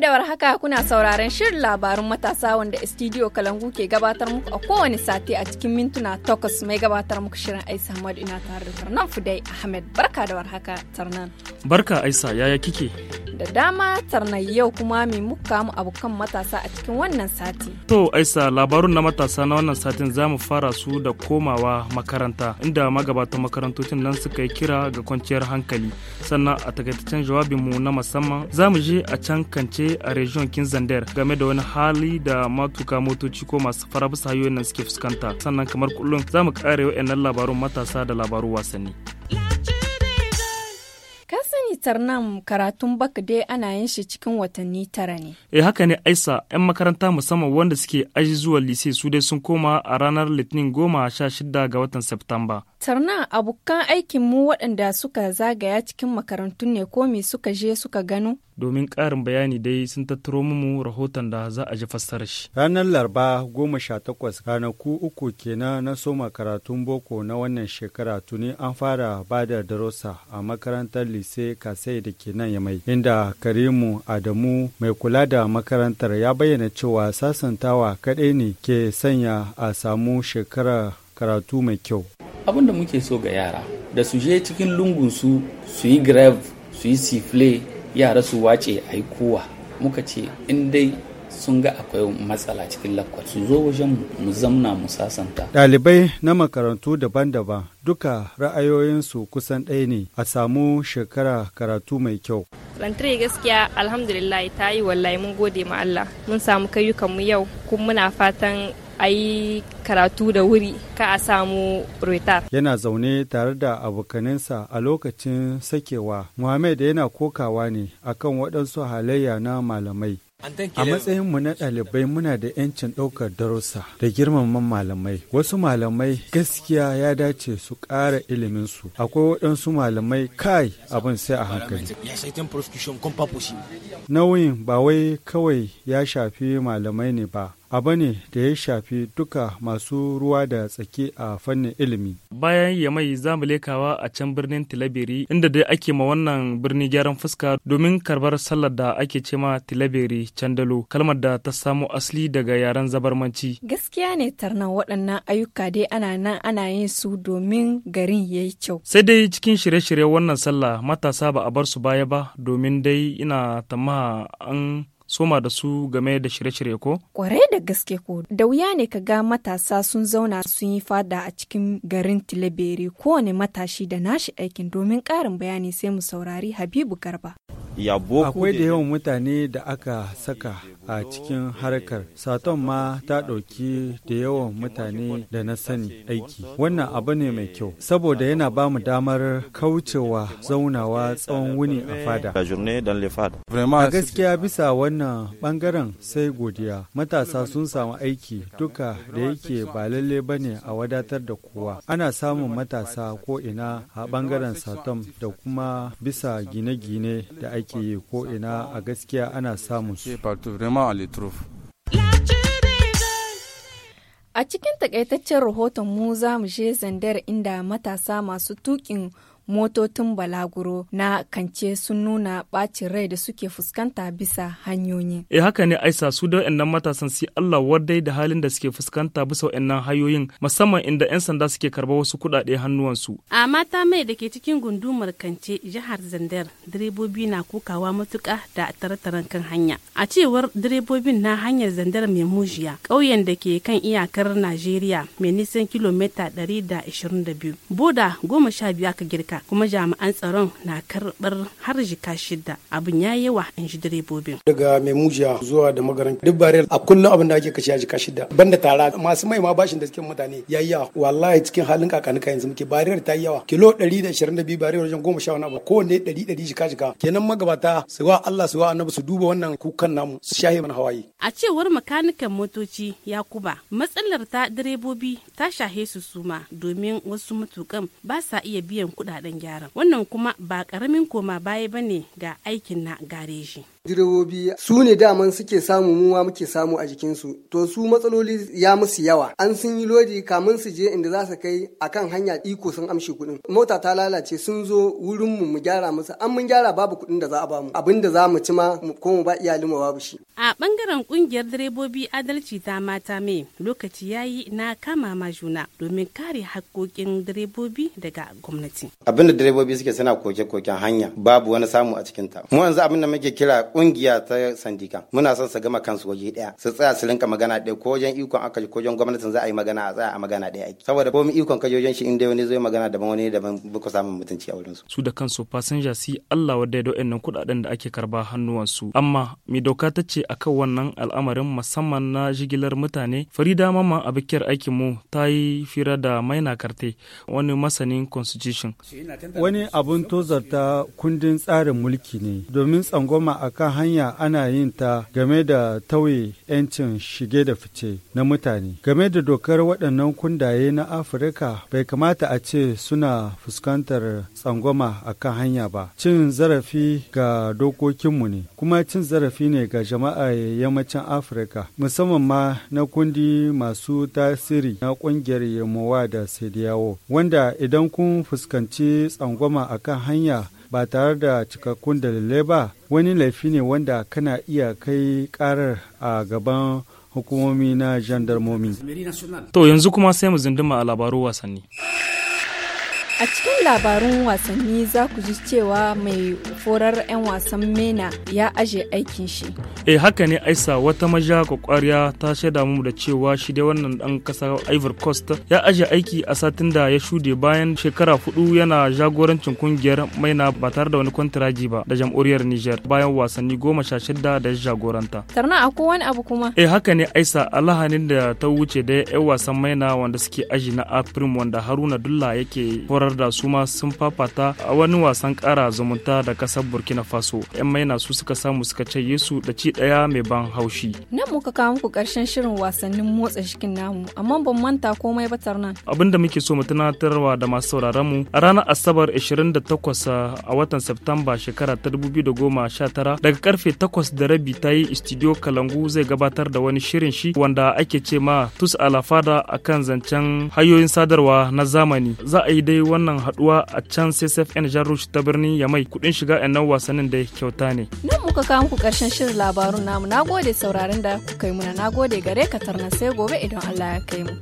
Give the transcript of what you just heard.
da haka kuna sauraron shirin labarun matasa wanda studio kalangu ke gabatar muku a kowane sati a cikin mintuna takwas mai gabatar muku shirin aisa hamad ina tare da tarnan fudai ahmed barka da warhaka tarnan barka aisa yaya kike da dama tarnai yau kuma mai muka mu abokan matasa a cikin wannan sati. To Aisa labarun na matasa na wannan satin za mu fara su da komawa makaranta inda magabatan makarantocin nan suka yi kira ga kwanciyar hankali sannan a takaitaccen jawabinmu na musamman za mu je a can kance a region Kinzander game da wani hali da matuka motoci ko masu fara bisa nan suke fuskanta sannan kamar kullum za mu kare wa'annan labarun matasa da labarun wasanni. Mitar nan karatun baka dai ana yin shi cikin watanni tara ne. e haka ne Aisa, 'yan makaranta musamman wanda suke aji zuwa lise su dai sun koma a ranar Litinin goma sha shida ga watan Septamba. tarna abokan mu waɗanda suka zagaya cikin makarantun ne ko me suka je suka gano? domin ƙarin bayani dai sun tattaro mu rahoton da za a ji fassara shi. Ranar Larba goma sha takwas ranaku uku kenan na soma karatun boko na wannan shekara tuni an fara ba da darussa a makarantar lise kasai da ke nan yamai inda Karimu Adamu mai kula da makarantar ya bayyana cewa sasantawa kaɗai ne ke sanya a samu shekara karatu mai kyau. abin da muke so ga yara da su je cikin lungunsu su yi grave su yi sifle yara su wace a yi kowa muka ce in dai sun ga akwai matsala cikin lakwa su zo wajen mu zamna mu sasanta. Ɗalibai na makarantu daban-daban duka ra'ayoyinsu kusan ɗaya ne a samu shekara karatu mai kyau. Rantare gaskiya alhamdulillah ta yi wallahi mun gode ma Allah mun samu kayyukan mu yau kuma muna fatan a yi karatu da wuri ka a samu retar. Yana zaune tare da abokaninsa a lokacin sakewa. Muhammad yana kokawa ne akan waɗansu halayya na malamai. A matsayinmu na ɗalibai muna da 'yancin ɗaukar darussa da girmaman malamai. Wasu malamai gaskiya ya dace su ƙara iliminsu. Akwai waɗansu malamai kai abin sai a hankali. Nauyin ba wai kawai ya shafi malamai ne ba, abu ne da ya shafi duka masu ruwa da tsaki a fannin ilimi. Bayan ya mai zamu lekawa a can birnin Tilaberi inda dai ake ma wannan birni gyaran fuska domin karbar sallar da ake ce ma Tilaberi Candalo kalmar da ta samo asali daga yaren zabarmanci. Gaskiya ne tarnan waɗannan ayyuka dai ana nan ana yin su domin garin ya yi kyau. Sai dai cikin shirye shiryen wannan sallah matasa ba a bar su baya ba domin dai ina tamaha an soma da su game da shirye-shirye ko? Kwarai da gaske ko da wuya ne ka ga matasa sun zauna sun yi fada a cikin garin Tilaberi kowane matashi da nashi aikin domin ƙarin bayani sai mu saurari Habibu Garba. Akwai da yawan mutane da aka saka a cikin harkar, Saton ma ta ɗauki da yawan mutane da na sani aiki. Wannan abu ne mai kyau, saboda yana ba mu damar kaucewa zaunawa tsawon wuni a fada. A gaskiya bisa wannan ɓangaren sai godiya, matasa sun samu aiki duka da yake ba lalle ba ne a wadatar da kowa. Ana samun matasa ko ina a ɓangaren Satom da kuma bisa gine-gine da aiki. ake yi ko ina a gaskiya ana samun su. A cikin takaitaccen rahoton mu za mu je zandar inda matasa masu tukin motocin balaguro na kance sun nuna bacin rai da suke fuskanta bisa hanyoyi. E haka ne aisa su da wa'annan matasan si Allah wardai da halin da suke fuskanta bisa wa'annan hanyoyin musamman inda 'yan sanda suke karba wasu kuɗaɗe hannuwansu. A mata mai da ke cikin gundumar kance jihar Zandar direbobi na kokawa matuƙa da tarataran kan hanya. A cewar direbobin na hanyar Zandar mai mujiya ƙauyen da ke kan iyakar Najeriya mai nisan kilomita 122 boda goma sha biyu aka girka kuma jami'an tsaron na karbar har jika shida abin ya wa in ji direbobin. Daga mai mujiya zuwa da magaran duk barel a kullum abin da ake kashe a jika shida banda tara masu mai ma bashin da cikin mutane ya yi yawa wallahi cikin halin kakanuka yanzu muke barel ta yi yawa kilo ɗari da ashirin da biyu barel wajen goma sha wani abu kowanne ɗari ɗari jika jika kenan magabata su wa Allah su wa annabi su duba wannan kukan namu su shahe mana hawaye. A cewar makanikan motoci Yakuba matsalar ta direbobi ta shahe su suma domin wasu matukan ba sa iya biyan kuɗaɗen sabon gyaran wannan kuma ba karamin koma baya bane ga aikin na gareji direbobi su ne daman suke samu muwa muke samu a jikin su to su matsaloli ya musu yawa an sun yi lodi kamun su je inda za su kai akan hanya iko sun amshi kuɗin mota ta lalace sun zo wurin mu mu gyara musu an mun gyara babu kuɗin da za a bamu abin da za mu ci ma ko mu ba mu babu shi a bangaren kungiyar direbobi adalci ta mata mai lokaci yayi na kama ma juna domin kare hakkokin direbobi daga gwamnati abinda direbobi suke suna koke-koken hanya babu wani samu a cikin ta mu yanzu da muke kira kungiya ta sandika muna son su gama kansu waje daya su tsaya su rinka magana daya ko wajen ikon aka ko wajen gwamnatin za a yi magana a tsaya a magana daya. aiki saboda komai ikon ka wajen shi inda wani zai magana daban wani daban ba samun mutunci a wurin su su da kansu fasinja si Allah wadda ya nan. kuɗaɗen da ake karba hannuwansu amma mai doka ta ce akan wannan al'amarin musamman na jigilar mutane farida mama abikiyar mu ta yi fira da maina karte wani masanin constitution wani abun tozarta kundin tsarin mulki ne domin tsangwama a kan hanya ana yin ta game da tauye 'yancin shige da fice na mutane game da dokar waɗannan kundaye na afirka bai kamata a ce suna fuskantar tsangwama a kan hanya ba cin zarafi ga dokokinmu ne kuma cin zarafi ne ga jama'a yammacin afirka musamman ma na kundi masu tasiri na ƙungiyar yamowa da sediyawo wanda idan kun fuskanci tsangwama a kan hanya ba tare da cikakkun dalilai ba wani laifi ne wanda kana iya kai karar a gaban hukumomi na jandarmomi. To yanzu kuma sai mu zindima a labaru wasanni. A cikin labarun wasanni za ku ji cewa mai forar 'yan wasan MENA ya aje aikin shi. Eh haka ne Aisa wata maja kwakwariya ta shaida mu da cewa shi dai wannan dan kasar Ivory Coast ya aje aiki a satin da ya shude bayan shekara hudu yana jagorancin kungiyar maina ba tare da wani kwantiraji ba da jam'uriyar Niger bayan wasanni goma sha shida da ya jagoranta. Tarna akwai wani abu kuma? Eh haka ne Aisa alahanin da ta wuce da 'yan wasan maina wanda suke aji na Afrim wanda Haruna Dulla yake forar da su ma sun fafata a wani wasan kara zumunta da kasar burkina faso yan maina su suka samu suka ce yesu da ci daya mai ban haushi nan muka kawo muku karshen shirin wasannin motsa jikin namu amma ban manta komai ba abin da muke so mu tunatarwa da masu sauraron mu a ranar asabar 28 a watan Septamba shekara ta 2019 daga karfe 8 da rabi ta yi studio Kalangu zai gabatar da wani shirin shi wanda ake ce ma Tus Alafada akan zancen hayoyin sadarwa na zamani. Za a yi dai wani wannan haduwa a can CSFN Jan Rouge ta birnin Yamai kudin shiga nan wasannin da kyauta ne. Nan muka kawo muku karshen shirin labarun namu. gode sauraron da kuka yi muna. gode gare ka tarna sai gobe idan Allah ya kai mu.